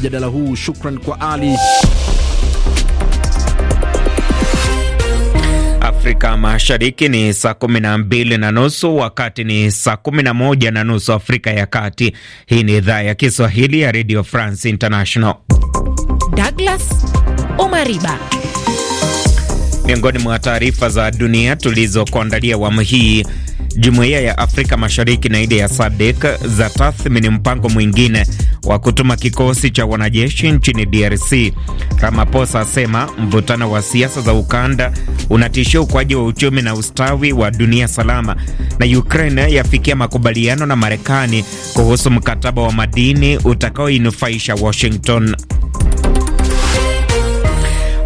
mjadala huu. Shukran kwa Ali. Afrika Mashariki ni saa kumi na mbili na nusu wakati ni saa kumi na moja na nusu Afrika ya Kati. Hii ni idhaa ya Kiswahili ya Radio France International. Douglas Omariba miongoni mwa taarifa za dunia tulizokuandalia awamu hii. Jumuiya ya Afrika Mashariki na ile ya SADC za tathmini mpango mwingine wa kutuma kikosi cha wanajeshi nchini DRC. Ramaphosa asema mvutano wa siasa za ukanda unatishia ukuaji wa uchumi na ustawi wa dunia salama. Na Ukraine yafikia makubaliano na Marekani kuhusu mkataba wa madini utakaoinufaisha Washington.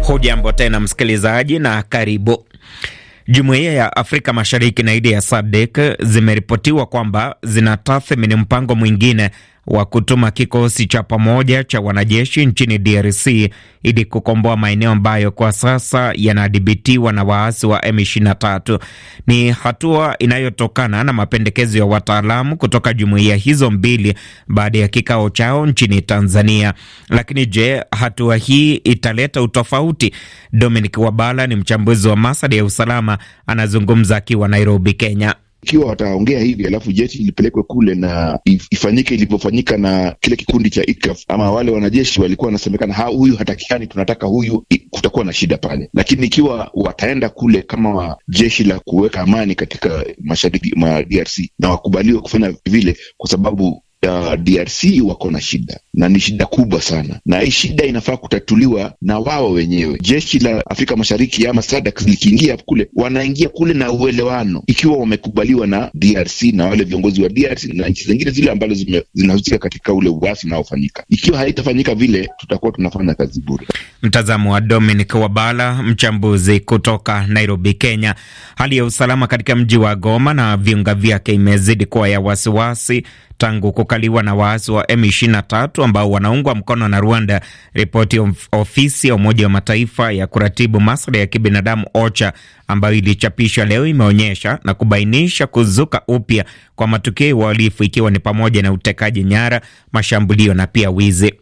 Hujambo tena msikilizaji, na karibu. Jumuiya ya Afrika Mashariki na ile ya SADC zimeripotiwa kwamba zinatathmini mpango mwingine wa kutuma kikosi cha pamoja cha wanajeshi nchini DRC ili kukomboa maeneo ambayo kwa sasa yanadhibitiwa na waasi wa M23. Ni hatua inayotokana na mapendekezo ya wataalamu kutoka jumuiya hizo mbili baada ya kikao chao nchini Tanzania. Lakini je, hatua hii italeta utofauti? Dominic Wabala ni mchambuzi wa masuala ya usalama, anazungumza akiwa Nairobi, Kenya ikiwa wataongea hivi alafu jeshi ilipelekwe kule na ifanyike ilivyofanyika na kile kikundi cha ITCAF, ama wale wanajeshi walikuwa wanasemekana ha, huyu hatakikani, tunataka huyu, kutakuwa na shida pale. Lakini ikiwa wataenda kule kama jeshi la kuweka amani katika mashariki mwa DRC na wakubaliwa kufanya vile, kwa sababu uh, DRC wako na shida na ni shida kubwa sana, na hii shida inafaa kutatuliwa na wao wenyewe. Jeshi la Afrika Mashariki ama SADC likiingia kule, wanaingia kule na uelewano, ikiwa wamekubaliwa na DRC na wale viongozi wa DRC na nchi zingine zile ambazo zinahusika katika ule uasi unaofanyika. Ikiwa haitafanyika vile, tutakuwa tunafanya kazi bure. Mtazamo wa Dominic Wabala, mchambuzi kutoka Nairobi, Kenya. Hali ya usalama katika mji wa Goma na viunga vyake imezidi kuwa ya wasiwasi tangu kukaliwa na waasi wa M23 ambao wanaungwa mkono na Rwanda. Ripoti ofisi ya Umoja wa Mataifa ya kuratibu masuala ya kibinadamu OCHA ambayo ilichapishwa leo imeonyesha na kubainisha kuzuka upya kwa matukio ya uhalifu ikiwa ni pamoja na utekaji nyara, mashambulio na pia wizi.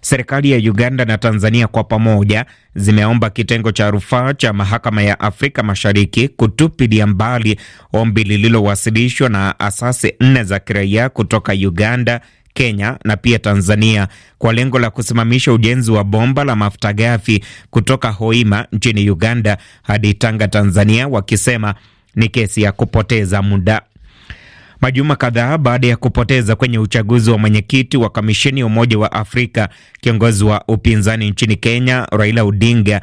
Serikali ya Uganda na Tanzania kwa pamoja zimeomba kitengo cha rufaa cha mahakama ya Afrika Mashariki kutupilia mbali ombi lililowasilishwa na asasi nne za kiraia kutoka Uganda, Kenya na pia Tanzania kwa lengo la kusimamisha ujenzi wa bomba la mafuta ghafi kutoka Hoima nchini Uganda hadi Tanga, Tanzania, wakisema ni kesi ya kupoteza muda. Majuma kadhaa baada ya kupoteza kwenye uchaguzi wa mwenyekiti wa kamisheni ya Umoja wa Afrika, kiongozi wa upinzani nchini Kenya Raila Odinga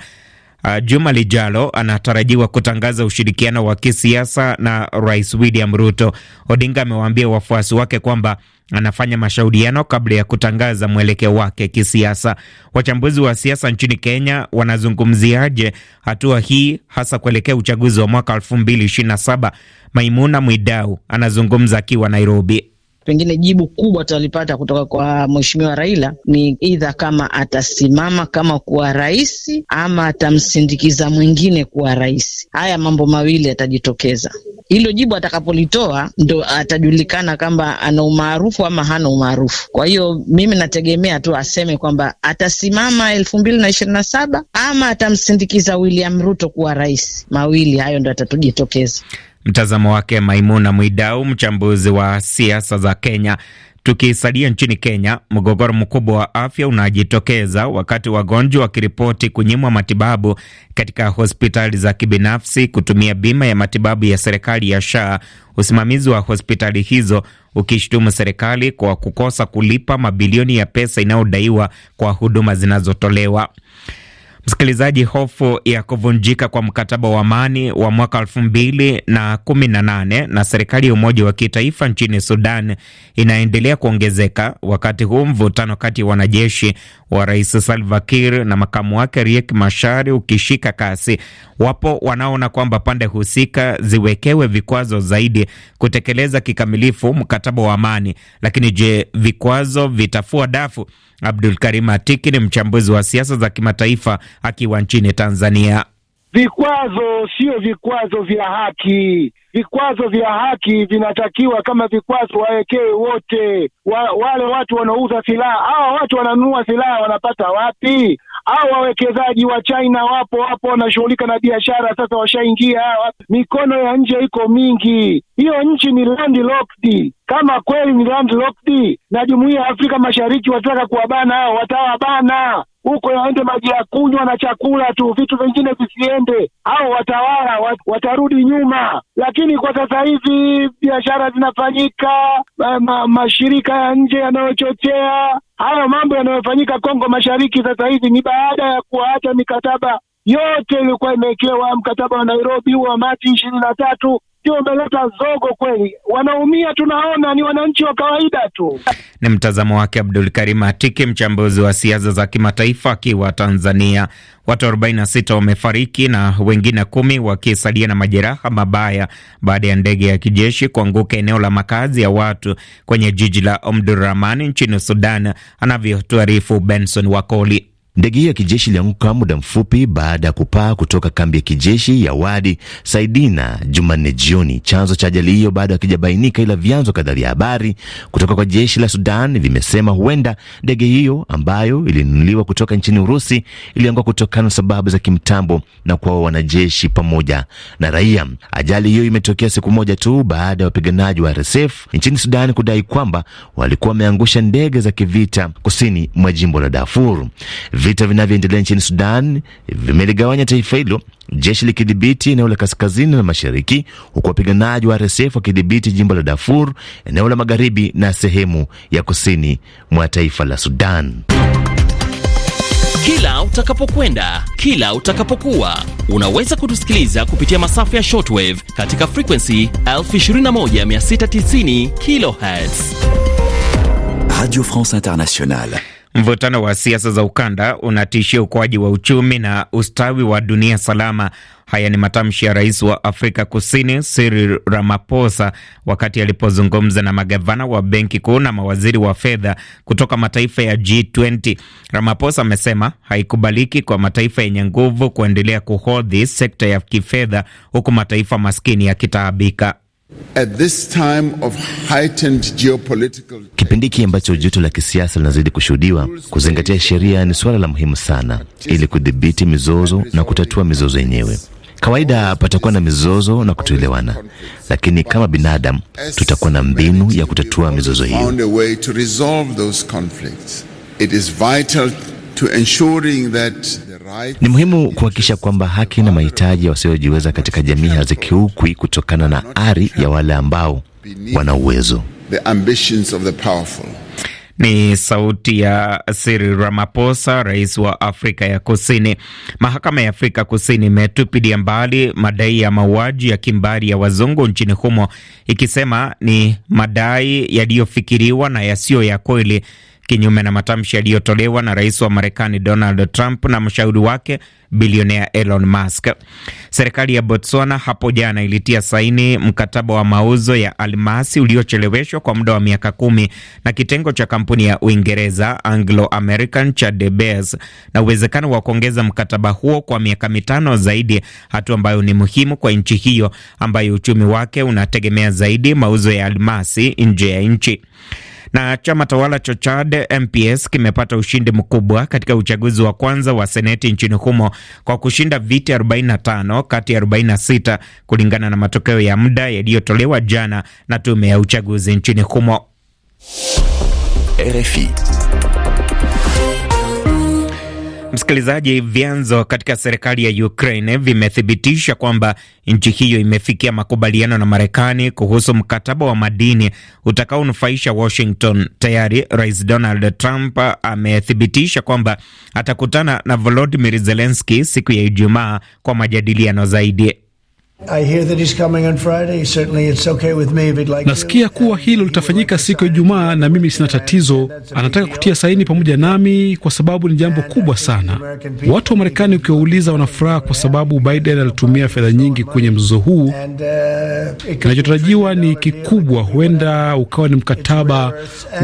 Uh, Juma lijalo anatarajiwa kutangaza ushirikiano wa kisiasa na Rais William Ruto. Odinga amewaambia wafuasi wake kwamba anafanya mashauriano kabla ya kutangaza mwelekeo wake kisiasa. Wachambuzi wa siasa nchini Kenya wanazungumziaje hatua hii hasa kuelekea uchaguzi wa mwaka 2027? Maimuna Mwidau anazungumza akiwa Nairobi pengine jibu kubwa tutalipata kutoka kwa mheshimiwa Raila ni idha kama atasimama kama kuwa rais ama atamsindikiza mwingine kuwa rais. Haya mambo mawili yatajitokeza. Hilo jibu atakapolitoa ndo atajulikana kwamba ana umaarufu ama hana umaarufu. Kwa hiyo mimi nategemea tu aseme kwamba atasimama elfu mbili na ishirini na saba ama atamsindikiza William Ruto kuwa rais. Mawili hayo ndo atatujitokeza. Mtazamo wake Maimuna Mwidau, mchambuzi wa siasa za Kenya. Tukisalia nchini Kenya, mgogoro mkubwa wa afya unajitokeza wakati wagonjwa wakiripoti kunyimwa matibabu katika hospitali za kibinafsi kutumia bima ya matibabu ya serikali ya SHA, usimamizi wa hospitali hizo ukishutumu serikali kwa kukosa kulipa mabilioni ya pesa inayodaiwa kwa huduma zinazotolewa. Msikilizaji, hofu ya kuvunjika kwa mkataba wa amani wa mwaka elfu mbili na kumi na nane na serikali ya umoja wa kitaifa nchini Sudan inaendelea kuongezeka wakati huu mvutano kati ya wanajeshi wa Rais Salva Kiir na makamu wake Riek Machar ukishika kasi. Wapo wanaona kwamba pande husika ziwekewe vikwazo zaidi kutekeleza kikamilifu mkataba wa amani, lakini je, vikwazo vitafua dafu? Abdul Karim Atiki ni mchambuzi wa siasa za kimataifa akiwa nchini Tanzania. Vikwazo sio vikwazo vya haki. Vikwazo vya haki vinatakiwa kama vikwazo wawekee wote wa, wale watu wanaouza silaha. Hawa watu wananunua silaha wanapata wapi? au wawekezaji wa China wapo hapo wanashughulika na biashara, sasa washaingia, mikono ya nje iko mingi. Hiyo nchi ni landlocked. Kama kweli ni landlocked na jumuiya ya Afrika Mashariki wataka kuwabana hao, watawabana huko yaende maji ya kunywa na chakula tu, vitu vingine visiende, au watawala wat, watarudi nyuma. Lakini kwa sasa hivi biashara zinafanyika, ma, mashirika ya nje yanayochochea hayo mambo yanayofanyika Kongo Mashariki sasa hivi ni baada ya kuwaacha mikataba yote iliyokuwa imewekewa mkataba wa Nairobi wa Machi ishirini na tatu sio umeleta zogo kweli. Wanaumia tunaona ni wananchi wa kawaida tu. Ni mtazamo wake Abdul Karim Atike, mchambuzi wa siasa za kimataifa akiwa Tanzania. Watu 46 wamefariki na wengine kumi wakisalia na majeraha mabaya baada ya ndege ya kijeshi kuanguka eneo la makazi ya watu kwenye jiji la Omdurman nchini Sudan, anavyotuarifu Benson Wakoli. Ndege hiyo ya kijeshi ilianguka muda mfupi baada ya kupaa kutoka kambi ya kijeshi ya Wadi Saidina Jumanne jioni. Chanzo cha ajali hiyo bado hakijabainika, ila vyanzo kadhaa vya habari kutoka kwa jeshi la Sudan vimesema huenda ndege hiyo ambayo ilinunuliwa kutoka nchini Urusi ilianguka kutokana na sababu za kimtambo na kwa wanajeshi pamoja na raia. Ajali hiyo imetokea siku moja tu baada ya wapiganaji wa RSF nchini Sudan kudai kwamba walikuwa wameangusha ndege za kivita kusini mwa jimbo la Darfur. Vita vinavyoendelea nchini Sudan vimeligawanya taifa hilo, jeshi likidhibiti eneo la kaskazini na mashariki, huku wapiganaji wa RSF wakidhibiti jimbo la Darfur, eneo la magharibi na sehemu ya kusini mwa taifa la Sudan. Kila utakapokwenda, kila utakapokuwa, unaweza kutusikiliza kupitia masafa ya shortwave katika frequency 21690 kilohertz. Radio France Internationale. Mvutano wa siasa za ukanda unatishia ukuaji wa uchumi na ustawi wa dunia salama. Haya ni matamshi ya rais wa Afrika Kusini Cyril Ramaphosa wakati alipozungumza na magavana wa benki kuu na mawaziri wa fedha kutoka mataifa ya G20. Ramaphosa amesema haikubaliki kwa mataifa yenye nguvu kuendelea kuhodhi sekta ya kifedha huku mataifa maskini yakitaabika. Geopolitical... kipindi hiki ambacho joto la kisiasa linazidi kushuhudiwa, kuzingatia sheria ni suala la muhimu sana, ili kudhibiti mizozo na kutatua mizozo yenyewe. Kawaida patakuwa na mizozo na kutoelewana, lakini kama binadamu tutakuwa na mbinu ya kutatua mizozo hiyo. Ni muhimu kuhakikisha kwamba haki na mahitaji ya wasiojiweza katika jamii hazikiukwi kutokana na ari ya wale ambao wana uwezo. Ni sauti ya Cyril Ramaphosa, rais wa Afrika ya Kusini. Mahakama ya Afrika Kusini imetupilia mbali madai ya mauaji ya kimbari ya wazungu nchini humo, ikisema ni madai yaliyofikiriwa na yasiyo ya kweli kinyume na matamshi yaliyotolewa na rais wa Marekani Donald Trump na mshauri wake bilionea Elon Musk. Serikali ya Botswana hapo jana ilitia saini mkataba wa mauzo ya almasi uliocheleweshwa kwa muda wa miaka kumi na kitengo cha kampuni ya Uingereza Anglo American cha De Beers na uwezekano wa kuongeza mkataba huo kwa miaka mitano zaidi, hatua ambayo ni muhimu kwa nchi hiyo ambayo uchumi wake unategemea zaidi mauzo ya almasi nje ya nchi. Na chama tawala cha Chad MPS kimepata ushindi mkubwa katika uchaguzi wa kwanza wa seneti nchini humo kwa kushinda viti 45 kati ya 46 kulingana na matokeo ya muda yaliyotolewa jana na tume ya uchaguzi nchini humo. RFI. Msikilizaji, vyanzo katika serikali ya Ukraine vimethibitisha kwamba nchi hiyo imefikia makubaliano na Marekani kuhusu mkataba wa madini utakaonufaisha Washington. Tayari Rais Donald Trump amethibitisha kwamba atakutana na volodimir zelenski siku ya Ijumaa kwa majadiliano zaidi. Nasikia kuwa hilo litafanyika siku ya Ijumaa na mimi sina tatizo. Anataka kutia saini pamoja nami kwa sababu ni jambo kubwa sana. Watu wa Marekani ukiwauliza, wanafuraha kwa sababu Biden alitumia fedha nyingi kwenye mzozo huu. Uh, Kinachotarajiwa ni kikubwa, huenda ukawa ni mkataba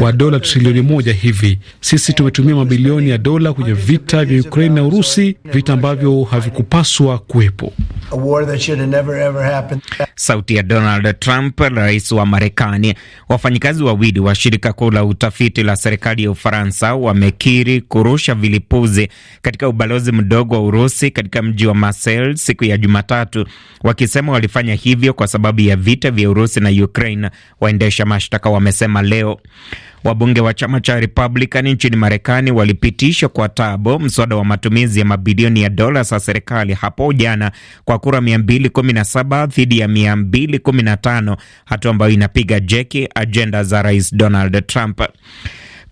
wa dola trilioni moja hivi. Sisi tumetumia mabilioni ya dola kwenye vita vya Ukraini na Urusi, vita ambavyo havikupaswa kuwepo never, ever happened. Sauti ya Donald Trump, rais wa Marekani. Wafanyikazi wawili wa shirika kuu la utafiti la serikali ya Ufaransa wamekiri kurusha vilipuzi katika ubalozi mdogo wa Urusi katika mji wa Marseille siku ya Jumatatu, wakisema walifanya hivyo kwa sababu ya vita vya Urusi na Ukraine, waendesha mashtaka wamesema leo. Wabunge wa chama cha Republican nchini Marekani walipitisha kwa tabo mswada wa matumizi ya mabilioni ya dola za serikali hapo jana kwa kura 217 dhidi ya 215, hatua ambayo inapiga jeki ajenda za Rais Donald Trump.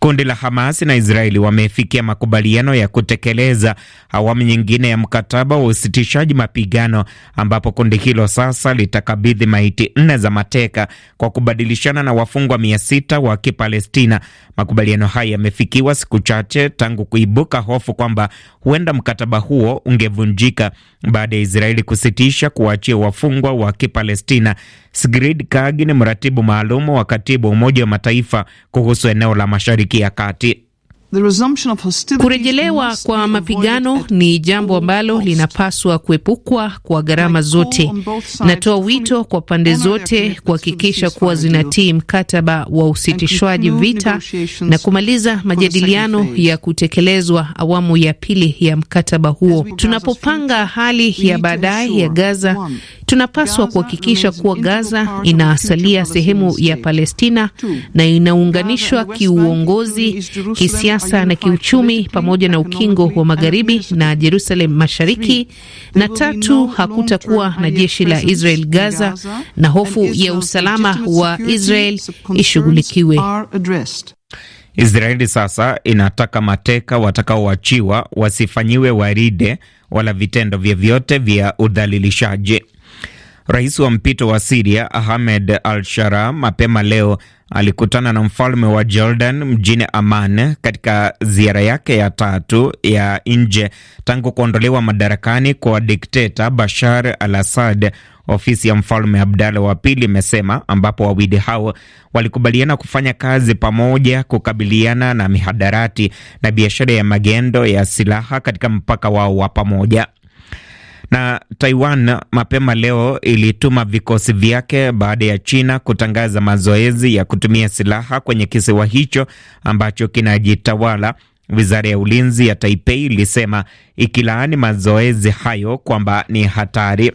Kundi la Hamas na Israeli wamefikia makubaliano ya kutekeleza awamu nyingine ya mkataba wa usitishaji mapigano, ambapo kundi hilo sasa litakabidhi maiti nne za mateka kwa kubadilishana na wafungwa mia sita wa Kipalestina. Makubaliano haya yamefikiwa siku chache tangu kuibuka hofu kwamba huenda mkataba huo ungevunjika baada ya Israeli kusitisha kuwaachia wafungwa wa Kipalestina. Sigrid Kaag ni mratibu maalum wa katibu Umoja wa Mataifa kuhusu eneo la Mashariki ya Kati. Kurejelewa kwa mapigano ni jambo ambalo linapaswa kuepukwa kwa gharama zote. Natoa wito kwa pande zote kuhakikisha kuwa zinatii mkataba wa usitishwaji vita na kumaliza majadiliano ya kutekelezwa awamu ya pili ya mkataba huo. Tunapopanga hali ya baadaye ya Gaza, tunapaswa kuhakikisha kuwa Gaza inaasalia sehemu ya Palestina na inaunganishwa kiuongozi, kisiasa kisiasa na kiuchumi pamoja na ukingo wa magharibi na Jerusalem mashariki, na tatu, hakutakuwa na jeshi la Israel Gaza, na hofu ya usalama wa Israel ishughulikiwe. Israeli sasa inataka mateka watakaoachiwa wasifanyiwe waride wala vitendo vyovyote vya udhalilishaji. Rais wa mpito wa Siria Ahmed al shara mapema leo alikutana na mfalme wa Jordan mjini aman katika ziara yake ya tatu ya nje tangu kuondolewa madarakani kwa dikteta Bashar al-Assad. Ofisi ya mfalme Abdala wa pili imesema, ambapo wawili hao walikubaliana kufanya kazi pamoja kukabiliana na mihadarati na biashara ya magendo ya silaha katika mpaka wao wa pamoja. Na Taiwan mapema leo ilituma vikosi vyake baada ya China kutangaza mazoezi ya kutumia silaha kwenye kisiwa hicho ambacho kinajitawala. Wizara ya ulinzi ya Taipei ilisema ikilaani mazoezi hayo kwamba ni hatari.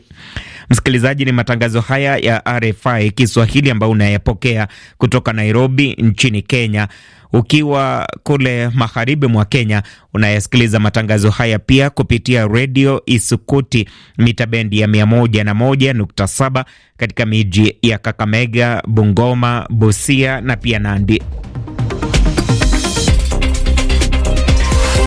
Msikilizaji, ni matangazo haya ya RFI Kiswahili ambayo unayapokea kutoka Nairobi nchini Kenya ukiwa kule magharibi mwa Kenya unayasikiliza matangazo haya pia kupitia redio Isukuti mita bendi ya 101.7 katika miji ya Kakamega, Bungoma, Busia na pia Nandi.